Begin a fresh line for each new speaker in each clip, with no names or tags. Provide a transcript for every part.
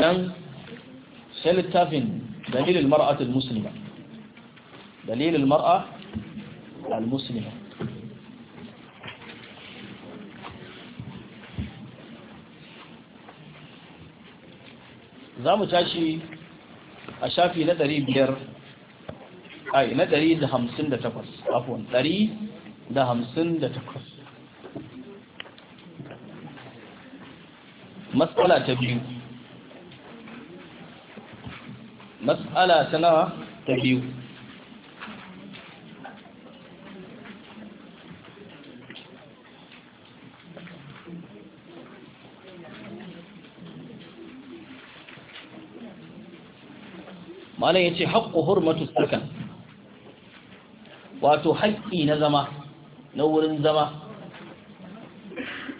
nan sai littafin dalilin mar'atul muslima dalilin mar'a al-muslima za mu tashi a shafi na ɗari biyar ai na ɗari da hamsin da takwas afon ɗari da hamsin da takwas matsala ta biyu mas'ala ta nawa ta biyu malam ya ce haƙƙo hurmatu sakan wato haƙƙi na zama na wurin zama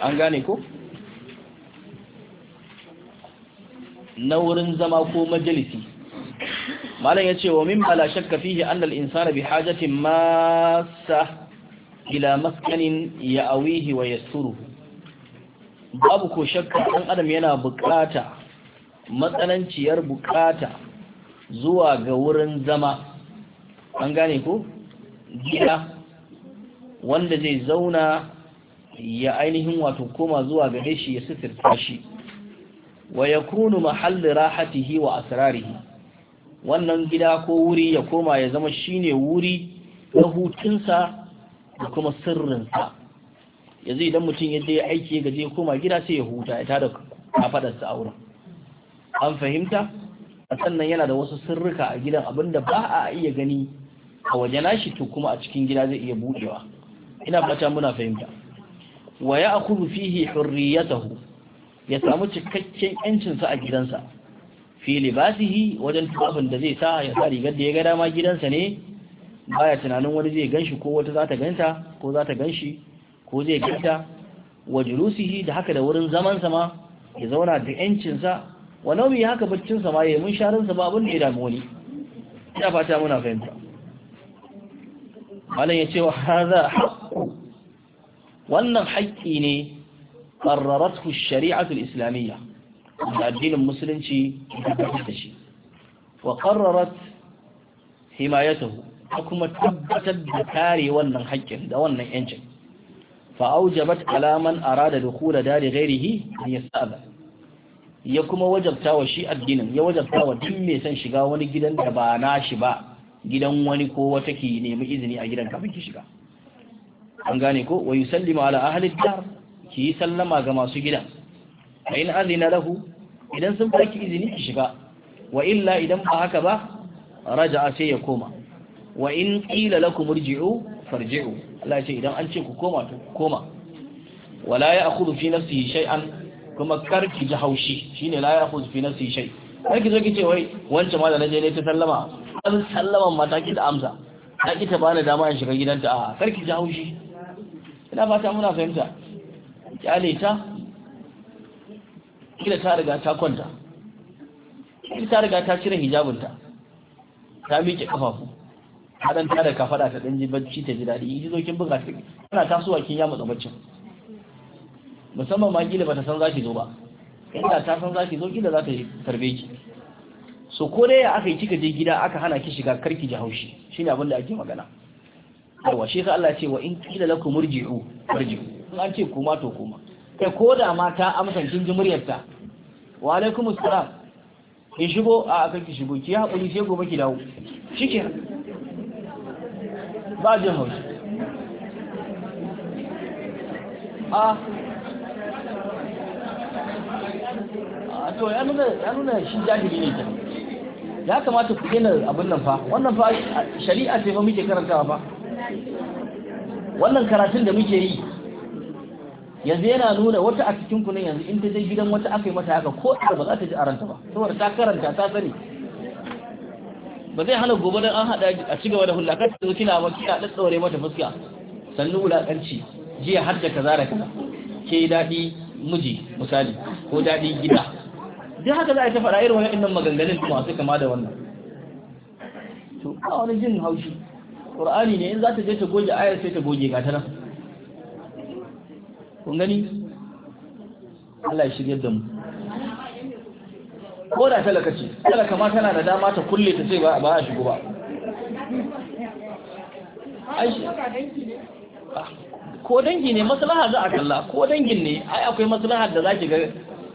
an gane ko? na wurin zama ko majalisi malam ya ce wa mimma la shakka fihi anna al-insana bihajatin massa ila maskanin ya'awihi wa yasturuhu babu ko shakka ɗan adam yana bukata matsananciyar bukata zuwa ga wurin zama an gane ko gida wanda zai zauna ya ainihin wato koma zuwa ga shi ya sifirta shi wa ya kunu rahatihi wa asrarihi wannan gida ko wuri ya koma ya zama shine wuri na hutunsa da kuma sirrinsa yanzu idan mutum ya je aiki ya gaje koma gida sai ya huta ya tada kafadarsa a wurin an fahimta a sannan yana da wasu sirrika a gidan abinda ba a iya gani a waje nashi to kuma a cikin gida zai iya buɗewa ina fata muna fahimta wa ya akulu fihi hurriyatahu ya samu cikakken yancinsa a gidansa fi libasihi wajen tufafin da zai sa ya sa rigar da ya ga dama gidansa ne baya tunanin wani zai ganshi ko wata za ta ganta ko za ta ganshi ko zai ganta wa julusihi da haka da wurin zaman sama ya zauna da yancin sa wa naumi haka baccin sa ma ya mun sharin sa ba abin da ya damu wani ina fata muna fahimta malam ya ce wa hadha wannan haƙƙi ne qarraratu ash-shari'atu al-islamiyya da addinin musulunci da shi wa qarrarat himayatahu ta kuma tabbatar da kare wannan haƙƙin da wannan yancin fa aujabat alaman arada dukhul dari ghairihi an yasaba ya kuma wajabta wa shi addinin ya wajabta wa duk mai son shiga wani gidan da ba nashi ba gidan wani ko wata ki nemi izini a gidan kafin ki shiga an gane ko wa yusallimu ala ahli dar ki sallama ga masu gidan fa in azina lahu idan sun baki izini ki shiga wa illa idan ba haka ba raja'a sai ya koma wa in qila lakum irji'u farji'u Allah ce idan an ce ku koma to koma wala ya'khudhu fi nafsihi shay'an kuma kar ki ji haushi shine la ya'khudhu fi nafsihi shay ki zo ki ce wai wancan ma da naje ne ta sallama an sallama mata ki da amsa ta ki ta bani dama in shiga gidanta a Kar ki ji haushi ina fata muna fahimta kyale ta kila ta riga ta kwanta kila ta riga ta cire hijabinta ta miƙe kafafu ta ɗan tare ka faɗa ta ɗan ji bacci ta ji daɗi yi zo kin buga ta kana tasowa kin ya matsa baccin musamman ma kila bata san za ki zo ba inda ta san za ki zo kila za ta yi tarbe ki so ko dai aka yi kika je gida aka hana ki shiga karki ji haushi shine abin da ake magana yawa shi ka Allah ce wa in kila lakum murji'u murji'u in an ce kuma to kuma kai e, ko da ma ta amsa kin ji muryarta wa alaikum assalam ki shigo a aka ki shigo ki haƙuri sai gobe ki dawo shike
ba jin haushi a to ya nuna ya nuna shi jahili
ne ta. ya kamata ku gina abin nan fa wannan fa shari'a sai ba muke karantawa fa
wannan karatun da
muke yi yanzu yana nuna wata a cikin ku ne yanzu in ta je gidan wata aka yi mata haka ko ba za ta ji aranta ba saboda ta karanta ta sani
ba zai hana gobe don an
haɗa a ci gaba da hulaka ta zo kina ba kina ɗaɗɗaure mata fuska sannu wulakanci jiya har da kaza da kaza ke daɗi miji misali ko daɗi gida duk haka za a ta faɗa irin wani maganganun maganganun sai kama da wannan to a wani jin haushi qur'ani ne in za ta je ta goge ayar sai ta goge ga ta nan kun gani Allah ya shirye da mu ko da talaka ce talaka ma tana da dama ta kulle ta ce ba a shigo ba ko dangi ne maslaha za a kalla ko dangin ne ai akwai maslaha da zaki ga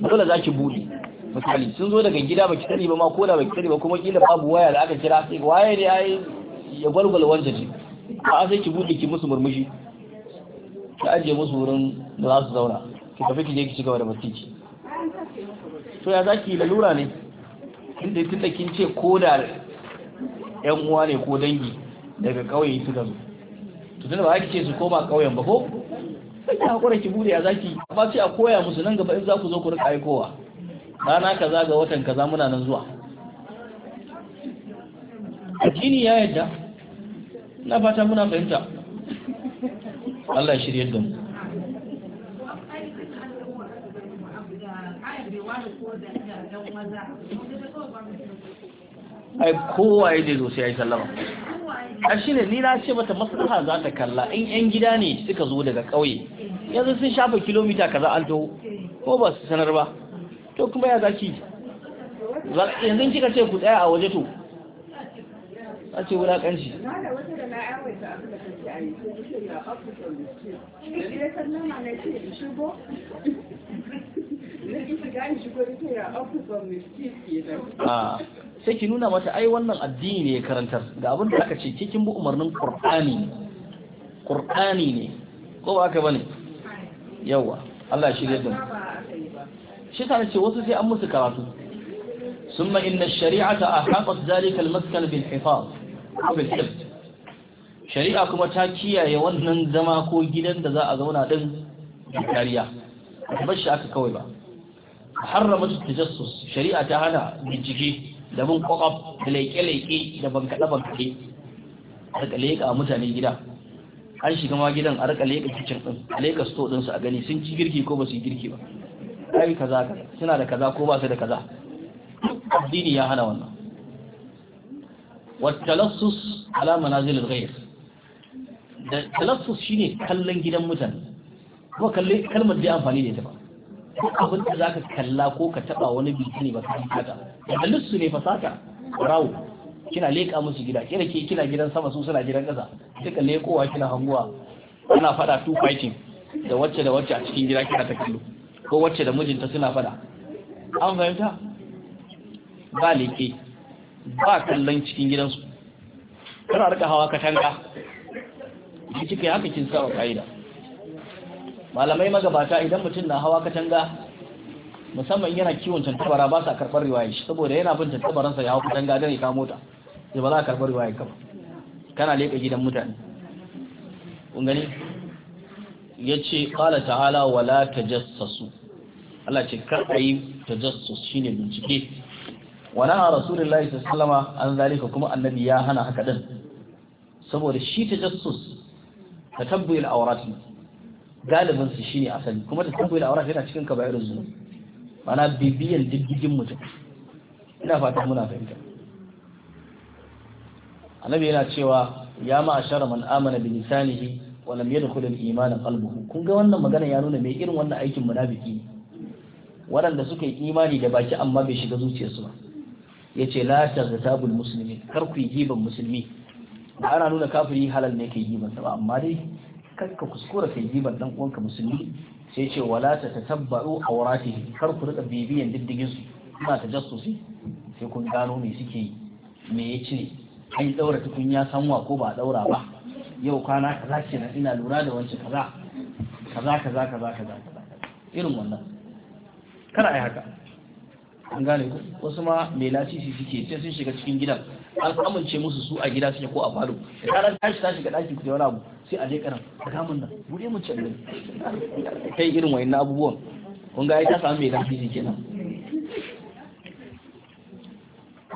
dole zaki buri misali sun zo daga gida baki sani ba ma ko da baki sani ba kuma kila babu waya da aka kira sai waya ne ai ya gwalgwala wanda ce a sai ki bude ki musu murmushi ki ajiye musu wurin da za su zauna ki tafi ki je ki cigaba da bacci to ya zaki lalura ne inda tunda kin ce ko da yan uwa ne ko dangi daga kauye suka zo to tunda ba ki ce su koma kauyen ba ko sai ki hakura ki bude ya zaki amma sai a koya musu nan gaba in za ku zo ku rika aikowa rana kaza ga watan kaza muna nan zuwa addini ya yadda
na fata muna fahimta
Allah shirye yadda mu
ai kowaye
da zo sai ya yi sallama a shi ne ni na ce mata maslaha za ta kalla in yan gida ne suka zo daga ƙauye yanzu sun shafa kilomita kaza an to, ko ba su sanar ba to kuma ya zaki yanzu kika ce ku tsaya a waje to
a ce wulaƙanci ah. Ah,
sai ki nuna mata ai wannan addini ne ya karantar ga abin da aka ce kin bi umarnin qur'ani ne qur'ani ne ko ba aka bane
yawa Allah shi da dun
shi ta ce wasu sai an musu karatu summa inna ash-shari'ata ahaqat dhalika al-maskan bil hifaz fil shari'a kuma ta kiyaye wannan zama ko gidan da za a zauna din kariya bar shi aka kawai ba harrama tajassus shari'a ta hana bincike da mun kwakwaf da laike-laike da bankaɗe-bankaɗe a rika leƙa mutane gida an shiga ma gidan a rika leƙa kicin ɗin a leƙa sto ɗinsu a gani sun ci girki ko ba su yi girki ba ai kaza suna da kaza ko ba su da kaza addini ya hana wannan والتلصص على منازل الغير التلصص شيء shine kallon gidan mutane kuma kalle kalmar da amfani da ita ba ko abin da zaka kalla ko ka taba wani biki ne ba ka haka da talassu ne fasaka rawo kina leka musu gida kina ke kina gidan sama su suna gidan kasa duka kina ana da wacce da wacce a cikin gida kina ta kallo ko wacce da mijinta suna fada an fahimta ba leke ba kallon cikin gidansu kana rika hawa katanga shi kika haka kin sa wa kaida malamai magabata idan mutum na hawa katanga musamman yana kiwon tantabara ba sa karɓar riwaya shi saboda yana bin tantabaransa ya hau katanga don ya kamo ta sai ba za a karɓar riwaya ka ba kana leƙa gidan mutane kun gani ya ce ƙala ta'ala wala tajassasu Allah ce kar a yi tajassus shine bincike wa naha rasulullahi sallallahu an zalika kuma annabi ya hana haka din saboda shi tajassus tatabbu'il awrat galibin su shine asali kuma tatabbu'il awrat yana cikin kaba'ir zunubi mana bibiyan diddigin mutum ina fata muna fahimta annabi yana cewa ya ma ashara man amana bi lisanihi wa lam yadkhul al-iman qalbuhu kun ga wannan magana ya nuna me irin wannan aikin munafiki waɗanda suka yi imani da baki amma bai shiga zuciyarsu ba Ya ce la da muslimin kar ku yi giban musulmi ana nuna kafiri halal ne ke giban ba amma dai kar ka kuskura kai giban dan uwanka musulmi sai ce wala ta tatabbaru awratihi kar ku rika bibiyan diddigin su kuna jassusi sai kun gano me suke yi me ya ce an daura tukunya sanwa ko ba daura ba yau kwana kaza kenan ina lura da wancan kaza kaza kaza kaza kaza irin wannan kada ai haka an gane ku wasu ma mai lasisi suke sai sun shiga cikin gidan an amince musu su a gida suke ko a falo da karan tashi ta shiga daki ku da wani abu sai a je karan mun nan bude mu can kai irin wayannan abubuwan kun ga ai ta samu mai lasisi kenan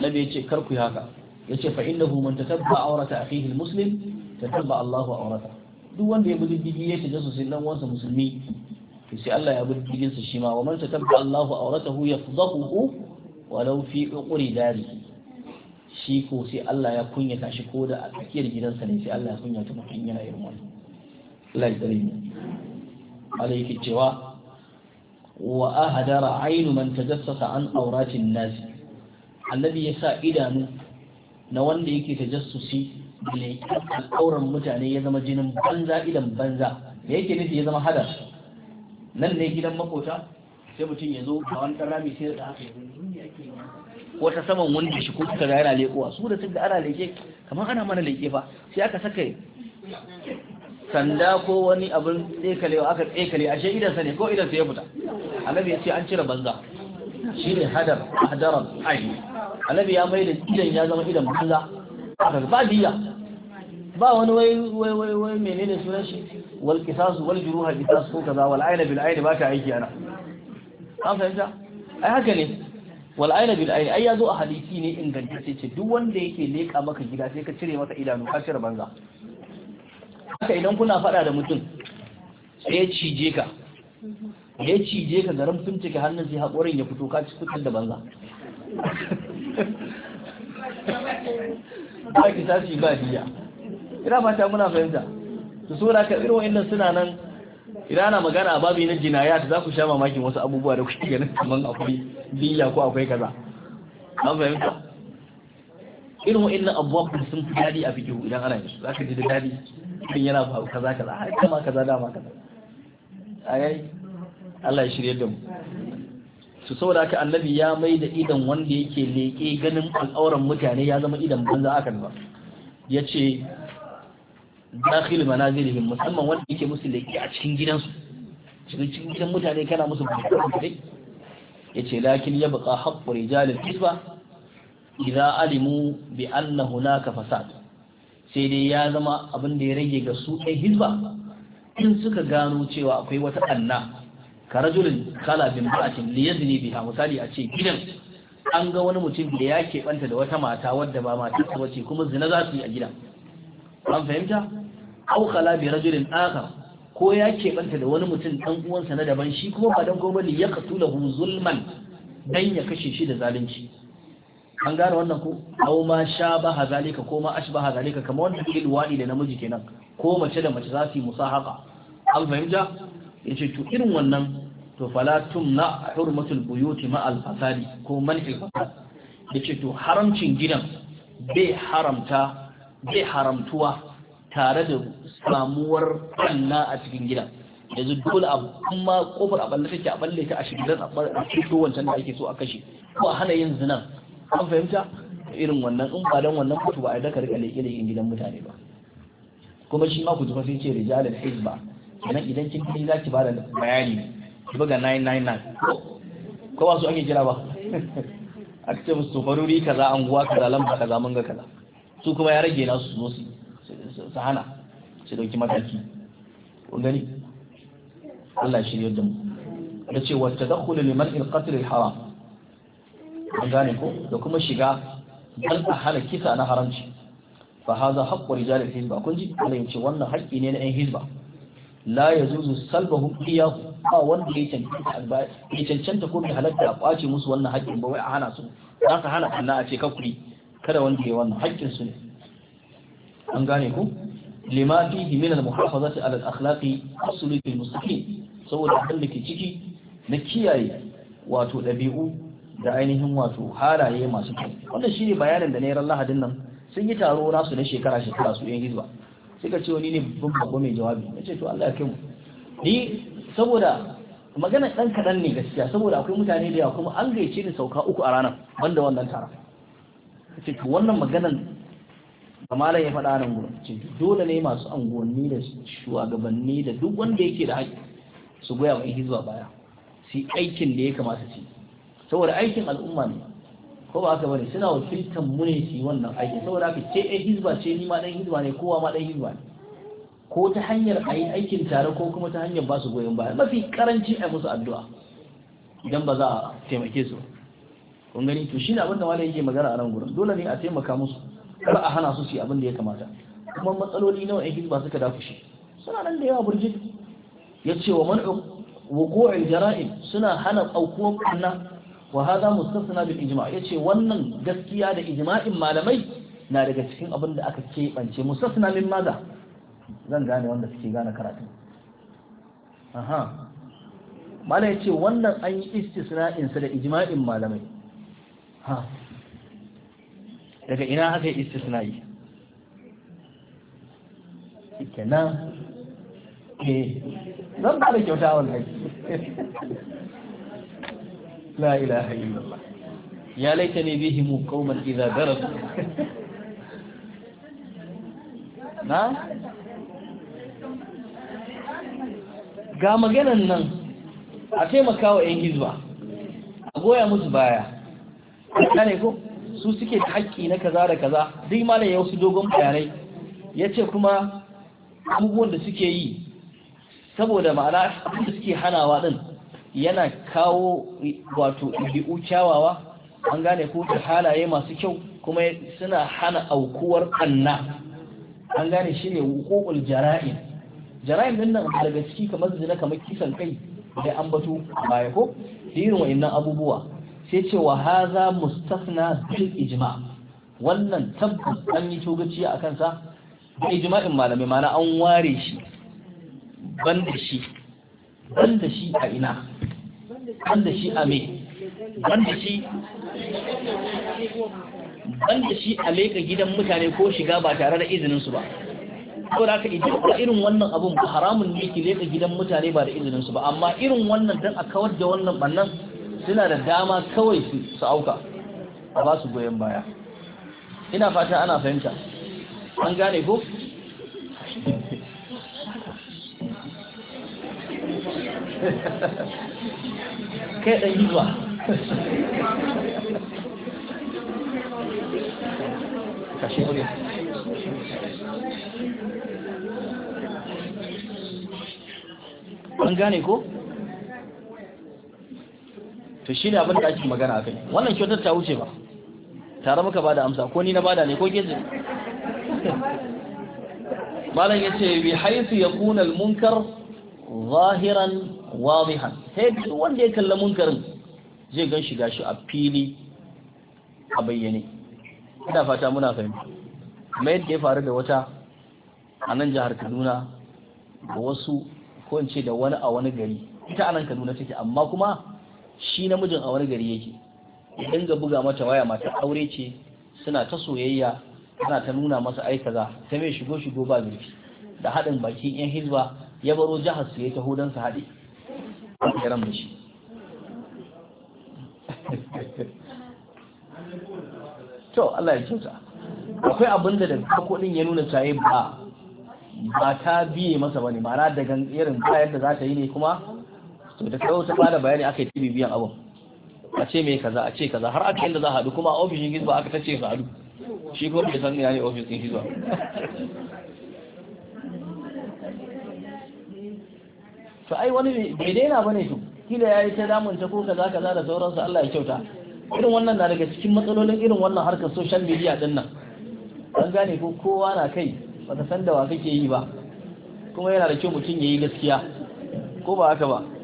nabi ya ce kar ku yi haka yace fa innahu man tatabba awrata akhihi almuslim tatabba Allahu awrata duk wanda ya bi diddigi ya shiga sai dan wansa musulmi to sai Allah ya bi digin sa shi ma wa man tatabba Allahu awratahu yafdahu walau fi uqri dari shi ko sai Allah ya kunyata shi ko da a tsakiyar gidansa ne sai Allah ya kunyata mutum yana irin wani Allah ya mu Allah yake cewa wa ahadara ainu man tajassasa an auratin nasi annabi ya sa idanu na wanda yake tajassusi da leƙen al'auran mutane ya zama jinin banza idan banza da yake nufi ya zama hadar nan ne gidan makota sai mutum ya zo a wani rami sai da haka wata saman wanda shi kuma kaza yana lekuwa su da tunda ana leke kamar ana mana leke fa sai aka saka sanda ko wani abin tsekalewa aka tsekale ashe idan sa ne ko idan sa ya fita annabi ya ce an cire banza shi ne hadar hadaran ayi annabi ya mai da idan ya zama idan banza aka ba diya ba wani wai wai wai wai menene sunan shi wal qisas wal juruha qisas ko kaza wal ayna bil ayni ba ta aiki ana an fahimta ai haka ne wal ayna bil ayni ai yazo a hadisi ne inganta ce duk wanda yake leka maka gida sai ka cire masa idanu ka cire banza haka idan kuna fada da mutum sai ya cije ka ya cije ka garin cike hannun sai haƙorin ya fito ka ci kutar da banza
ba ki tashi ba biya.
ina fata muna fahimta su so da ka irin wa'annan suna nan idan ana magana a babi na jinayat za ku sha mamakin wasu abubuwa da kuke ganin kaman akwai biya ko akwai kaza an fahimta irin abuwa ku sun fi daɗi a fikihu idan ana yi za ka ji da daɗi idan yana faru kaza kaza har kama kaza dama kaza a Allah ya shirye da mu su saboda haka annabi ya mai da idan wanda yake leƙe ganin al'auran mutane ya zama idan banza akan ba ya ce dakhil manazilihim musamman wanda yake musu laki a cikin gidansu cikin gidan mutane kana musu bakin yace lakin yabqa haqqu rijal al-hisba idza alimu bi anna hunaka fasad sai dai ya zama abin da ya rage ga su ɗan hisba in suka gano cewa akwai wata anna ka rajulin kala bin ba'atin li yazni biha misali a ce gidan an ga wani mutum da ya keɓanta da wata mata wadda ba mata ba ce kuma zina za su yi a gidan an fahimta aw khala bi rajulin akhar ko ya keɓanta da wani mutum ɗan uwansa na daban shi kuma ba dan gobe ya qatulahu zulman dan ya kashe shi da zalunci an gane wannan ko aw ma shabaha zalika ko ma ashbaha zalika kamar wanda ke wadi da namiji kenan ko mace da mace za su yi musahaka an fahimta yace to irin wannan to fala tumna hurmatul buyuti ma al fasadi ko man'il fasad yace to haramcin gidan bai haramta bai haramtuwa tare da samuwar Allah a cikin gida yanzu dole a kuma kofar a balle take a balle ta a shigiran a bar to wancan da ake so a kashe ko a hana yin zina an fahimta irin wannan in ba dan wannan mutu ba a daka rika leke leken gidan mutane ba kuma shi ma ku tufa sai ce rijalul hizba kenan idan kin kai zaki da bayani ki buga 999 ko ba su ake kira ba a ce musu faruri kaza anguwa kaza lamba kaza mun ga kaza su kuma ya rage nasu su zo su su hana su dauki mataki kun gani Allah shi yadda mu da ce wa tadakhulu liman al-qatl al-haram an gane ko da kuma shiga dan a hana kisa na haramci fa hadha haqqu rijal al-hizba kun ji Allah yace wannan haƙƙi ne na ƴan hizba la yazuzu salbahum iyahu ba wanda ya cancanta ya cancanta ko bai halatta a kwace musu wannan haƙƙin ba wai a hana su za ka hana Allah a ce kakuri kada wanda ya wannan haƙƙin su ne an gane ku lima fihi min al-muhafazati ala al-akhlaqi as saboda abin da ke ciki na kiyaye wato ɗabi'u da ainihin wato halaye masu kyau wanda shi ne da na yi ran lahadin nan sun yi taro nasu na shekara shekara su yan hizba sai ce wani ne babban babba mai jawabi na ce to Allah ya mu ni saboda magana ɗan kaɗan ne gaskiya saboda akwai mutane da yawa kuma an gaice ni sauka uku a ranar banda wannan tara ce to wannan maganan kamala ya faɗa nan gurin ce dole ne masu anguwanni da shugabanni da duk wanda yake da haƙƙi su goya wa hizba baya su aikin da ya kamata su saboda aikin al'umma ne ko ba aka bane suna wakiltar mu ne su wannan aikin saboda aka ce ai hizba ce ni ma dan hizba ne kowa ma dan hizba ne ko ta hanyar a yi aikin tare ko kuma ta hanyar ba su goyon baya mafi karanci a musu addu'a idan ba za a taimake su kun gani to shine abin da wani yake magana a nan gurin dole ne a taimaka musu kar a hana su su abin da ya kamata kuma matsaloli nawa yan hizba suka shi? suna nan da yawa burjin ya ce wa man wuqu'il jara'im suna hana aukuwar kunna wa hada mustasna bil ijma' ce wannan gaskiya da ijma'in malamai na daga cikin abin da aka keɓance mustasna min maza zan gane wanda suke gane karatu aha malai ce wannan an yi istisna'in sa da ijma'in malamai ha daga ina aka yi istisna'i kenan eh zan ba da kyauta wallahi la ilaha illallah ya laitani bihim qauman idza darasu
na ga maganan
nan a taimaka wa 'yan hizba a goya musu baya ko su suke da haƙƙi na kaza da kaza duk malam ya wasu dogon bayanai ya ce kuma abubuwan da suke yi saboda ma'ana abin da suke hanawa ɗin yana kawo wato ɗabi'u kyawawa an gane ko ta halaye masu kyau kuma suna hana aukuwar anna an gane shi ne wukukul jara'in jara'in din nan daga ciki kamar zina kamar kisan kai da ambato baya ko da irin wa'annan abubuwa sai ce wa haza mustafna bil ijma wannan tabbas an yi togaci a kansa da ijma'in malamai mana an ware shi ban da shi ban da shi a ina
ban da shi a me ban da shi
banda shi a leka gidan mutane ko shiga ba tare da izinin su ba ko da ka idan ba irin wannan abun haramun ne ki leka gidan mutane ba da izinin su ba amma irin wannan dan a kawar da wannan bannan suna da dama kawai su auka a ba su goyon baya ina fata ana fahimta an gane
ko kai ɗan yi zuwa kashe an gane ko
to shi ne abin ake magana a kai wannan kyautar ta wuce ba tare muka bada amsa ko ni na bada ne ko ke ce
malam ya ce bi haifi
ya kuna munkar zahiran wadihan sai wanda ya kalla munkarin zai gan shiga shi a fili a bayyane ina fata muna fahimta kuma yadda ya faru da wata a nan jihar kaduna da wasu ko da wani a wani gari ita a nan kaduna take amma kuma shi namijin a wani gari yake ya dinga buga mata waya mata aure ce suna ta soyayya suna ta nuna masa ai kaza ta mai shigo shigo ba zurfi da haɗin bakin yan hizba ya baro jihar su ya taho don su haɗe a akwai abin da da farko din ya nuna tayi ba ba ta biye masa bane ma'ana da irin bayar da za ta yi ne kuma to da sau ta bada bayani aka yi tibi biyan abun a ce mai kaza a ce kaza har aka yadda za a haɗu kuma a ofishin hizba aka ta ce su haɗu shi kuma bai san ya ne ofishin hizba to ai wani bai daina bane to kila yayi ta ta ko kaza kaza da sauransu Allah ya kyauta irin wannan na daga cikin matsalolin irin wannan harkar social media din nan an gane ko kowa na kai baka san da wa kake yi ba kuma yana da kyau mutum ya yi gaskiya ko ba haka ba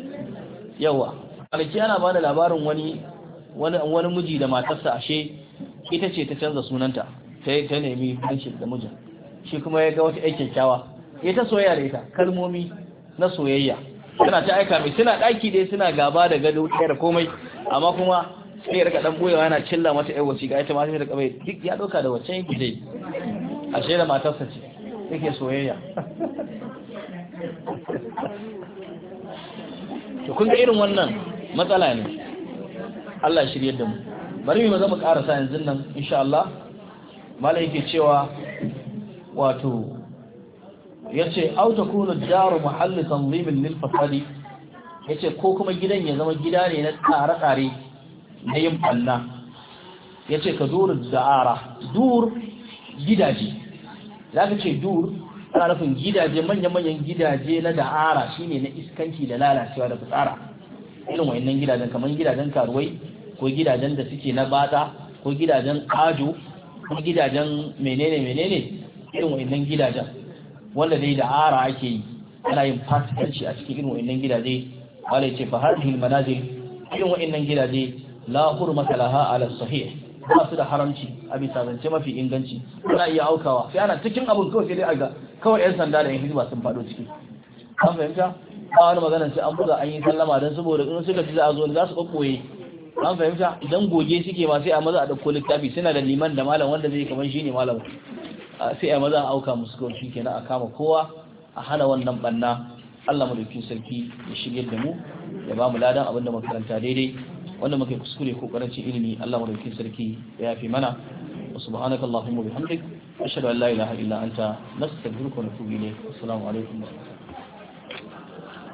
yawa alki ana bada labarin wani wani wani miji da matarsa ashe ita ce ta canza sunanta ta ta nemi hanci da mijin shi kuma ya ga wata ƴar kyakkyawa ya ta soyayya da ita kalmomi na soyayya tana ta aika mai suna ɗaki dai suna gaba da gado ɗaya da komai amma kuma sai ya rika dan boyewa yana cilla mata ƴar ga ita ma sai ta kabe duk ya ɗauka da wacce yake dai ashe da matarsa ce yake soyayya to kun ga irin wannan matsala ne Allah shirye da mu bari mu zama karasa yanzu nan insha Allah malai yake cewa wato yace au takunu daru mahallu tanzimin lil fasadi yace ko kuma gidan ya zama gida ne na tsare tsare na yin banna yace ka duru da'ara dur gidaje zaka ce dur ana nufin gidaje manya-manyan gidaje na da'ara shine na iskanci da lalacewa da fitsara irin wayannan gidajen kamar gidajen karuwai ko gidajen da suke na bata ko gidajen ajo ko gidajen menene menene irin wayannan gidajen wanda dai da'ara ake yi ana yin fasikanci a cikin irin wayannan gidaje wala ce fa hadhihi manazil irin wayannan gidaje la hurmata laha ala sahih ba su da haramci a bisa zance mafi inganci ana iya aukawa sai ana cikin abun kawai sai dai a ga kawai yan sanda da yan hizba sun faɗo ciki an fahimta ba wani magana sai an buga an yi sallama don saboda in suka ji za a zo za su ɓaɓɓoye an fahimta idan goge suke ma sai a maza a ɗauko littafi suna da liman da malam wanda zai kamar shi ne malam sai a maza a auka musu kawai shi kenan a kama kowa a hana wannan ɓanna Allah madaukin sarki ya shigar da mu ya ba mu ladan abinda makaranta daidai wanda muka kuskure ko ƙarancin ilimi Allah madaukin sarki ya fi mana وسبحانك اللهم وبحمدك أشهد أن لا إله إلا أنت نستغفرك ونتوب إليك والسلام عليكم ورحمة الله